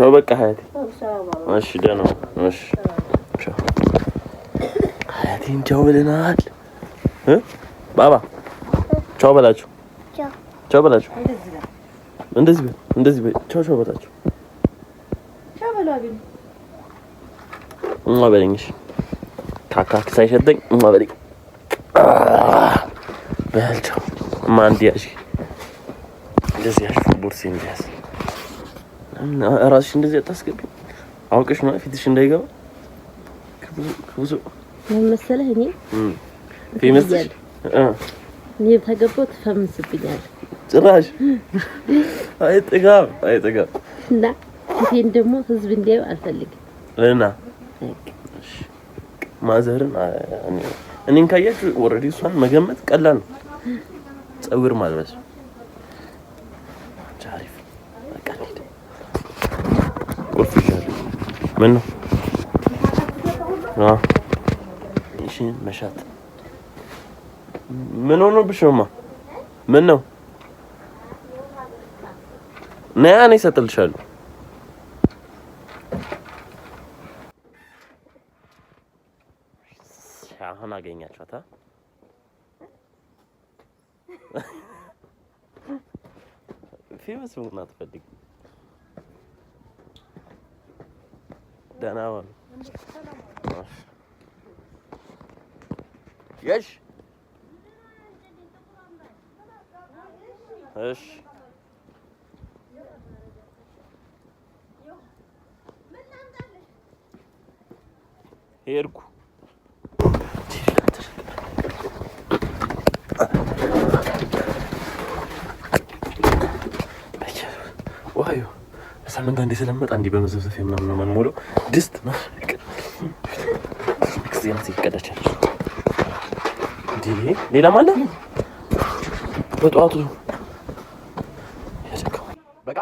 ቻው። በቃ ሀያቴ እሺ፣ ደህና እሺ። ሀያቴን ቻው ብለናል። ባባ ቻው በላቸው፣ ቻው በላቸው። እንደዚህ በል፣ እንደዚህ በል። ቻው ቻው በላቸው። እማ በለኝ። እሺ፣ ካካክ ሳይሸተኝ እማ በለኝ። በል ቻው። እማ እንዲያ እንደዚህ ያልሽው ቦርሴ እንዲያዝ ራስሽ እንደዚህ አታስገቢ። አውቀሽ ነው ፊትሽ እንዳይገባ። ከብዙ መሰለህ እኔ ፌመስ እኔ ተገባው ትፈምስብኛል። ጭራሽ አይጠጋም አይጠጋም። እና ፊቴን ደግሞ ህዝብ እንዲያዩ አልፈልግም። እና ማዘርን እኔን ካያችሁ ወረዲ እሷን መገመት ቀላል ነው። ጸጉር ማልበስ ቁልፍ ይሻል። ምን ነው እሺ፣ መሻት ምን ሆኖ ብሽማ? ምን ነው ነያ፣ እኔ እሰጥልሻለሁ። አሁን አገኛችኋታ። ፌመስ መሆን አትፈልግም Canavar. Geç. Geç. Herco. መንጋ እንደ ስለመጣ እንዲህ በመዘፍዘፍ ምናምን ነው የምንሞላው። ድስት ሌላ ማለት በጠዋቱ በቃ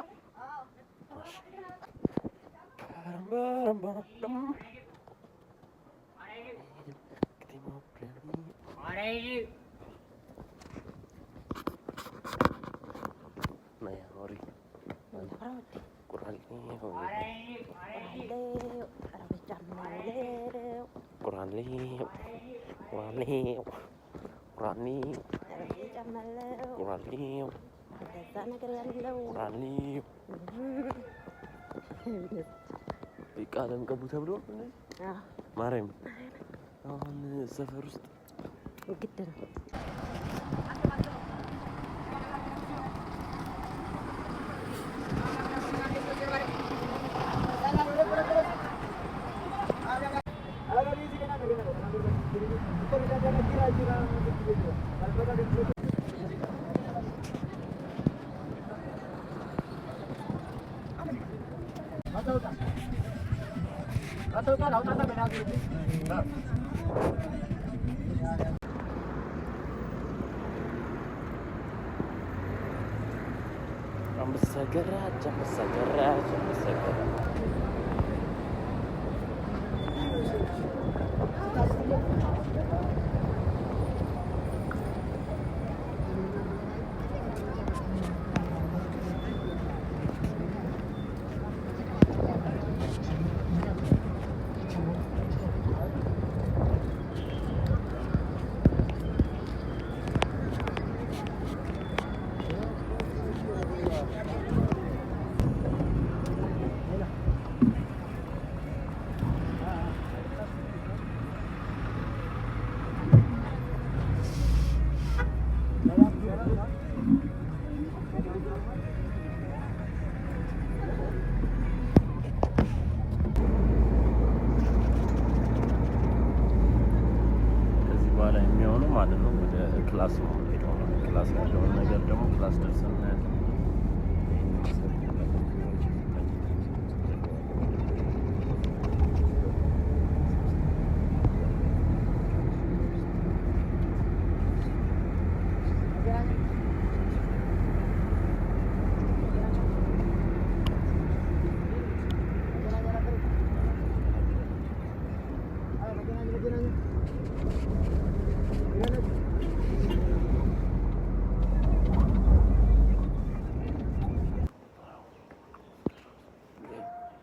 Alrighty. กรานเลี้ยวกรานเลี้ยวกรานเลี้ยวกรานเลี้ยวกรานเลี้ยว ቃለም ቀቡ ተብሎ ማርያም አሁን ሰፈር ውስጥ ግድ ነው። पाच होता पाच होता नव्हता Jam jam jam Thank you. ከዚህ በኋላ የሚሆኑ ማለት ነው ወደ ክላስ ነው ሄደው ክላስ ያለውን ነገር ደግሞ ክላስ ደርሰን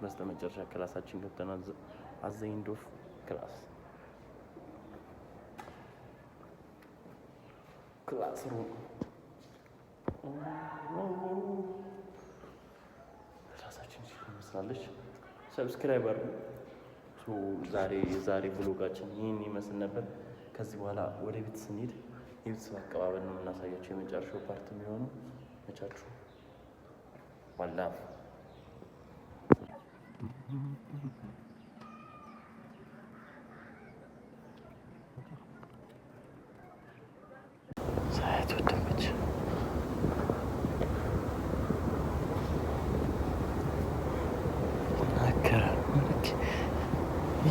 በስተመጨረሻ ክላሳችን ገብተናል። አዘይንድ ኦፍ ክላስ ክላስ ሩም ራሳችን መስላለች። ሰብስክራይብ አድርጉ። ዛሬ የዛሬ ብሎጋችን ይህን ይመስል ነበር። ከዚህ በኋላ ወደ ቤት ስንሄድ የቤተሰብ አቀባበል ነው የምናሳያቸው። የመጨረሻው ፓርት የሚሆኑ መቻችሁ ዋላ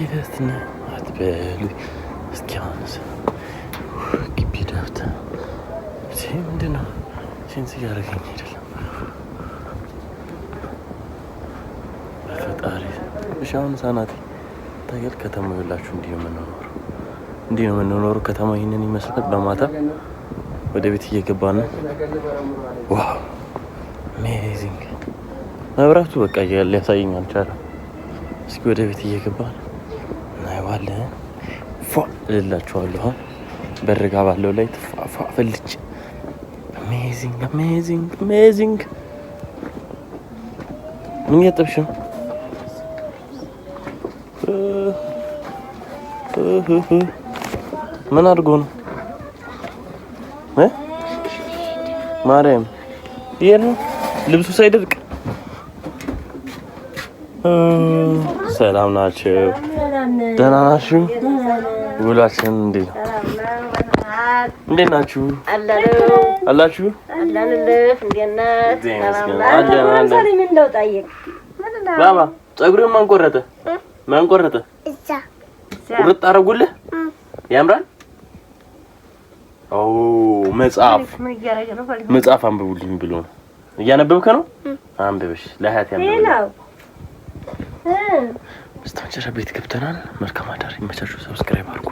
የክርስትና አትበል። እስኪ አሁንስ ግቢ ደብተ ምንድን ነው? ሴንስ እያደረገኝ አይደለም። በፈጣሪ እሺ። አሁን ሳናቴ ታያል። ከተማ ይላችሁ እንዲህ ነው የምንኖረው፣ እንዲህ ነው የምንኖሩ። ከተማ ይህንን ይመስላል። በማታ ወደ ቤት እየገባ ነው። ዋው አሜዚንግ! መብራቱ በቃ ሊያሳየኝ አልቻለም። እስኪ ወደ ቤት እየገባ ነው። እናየዋለን። ፏ እልላችኋለሁ። በርጋ ባለው ላይ ትፏፏ ፈልች አሜዚንግ አሜዚንግ አሜዚንግ። ምን እያጠብሽ ነው? ምን አድርጎ ነው? ማርያም ይሄ ነው ልብሱ ሳይደርቅ ሰላም ናቸው። ደህና ናችሁ? ውላችን እንዴት ነው? እንዴት ናችሁ? አላችሁ? ባባ ጸጉርን ማን ቆረጠ? ማን ቆረጠ? ቁርጥ አደረጉልህ? ያምራል። ኦ መጽሐፍ መጽሐፍ አንብቡልኝ ብሎ ነው። እያነበብከ ነው? አንብብሽ ለሀያት ያምራል በስተመጨረሻ ቤት ገብተናል። መልካም አዳር። ይመቻችሁ። ሰብስክራይብ አድርጉ።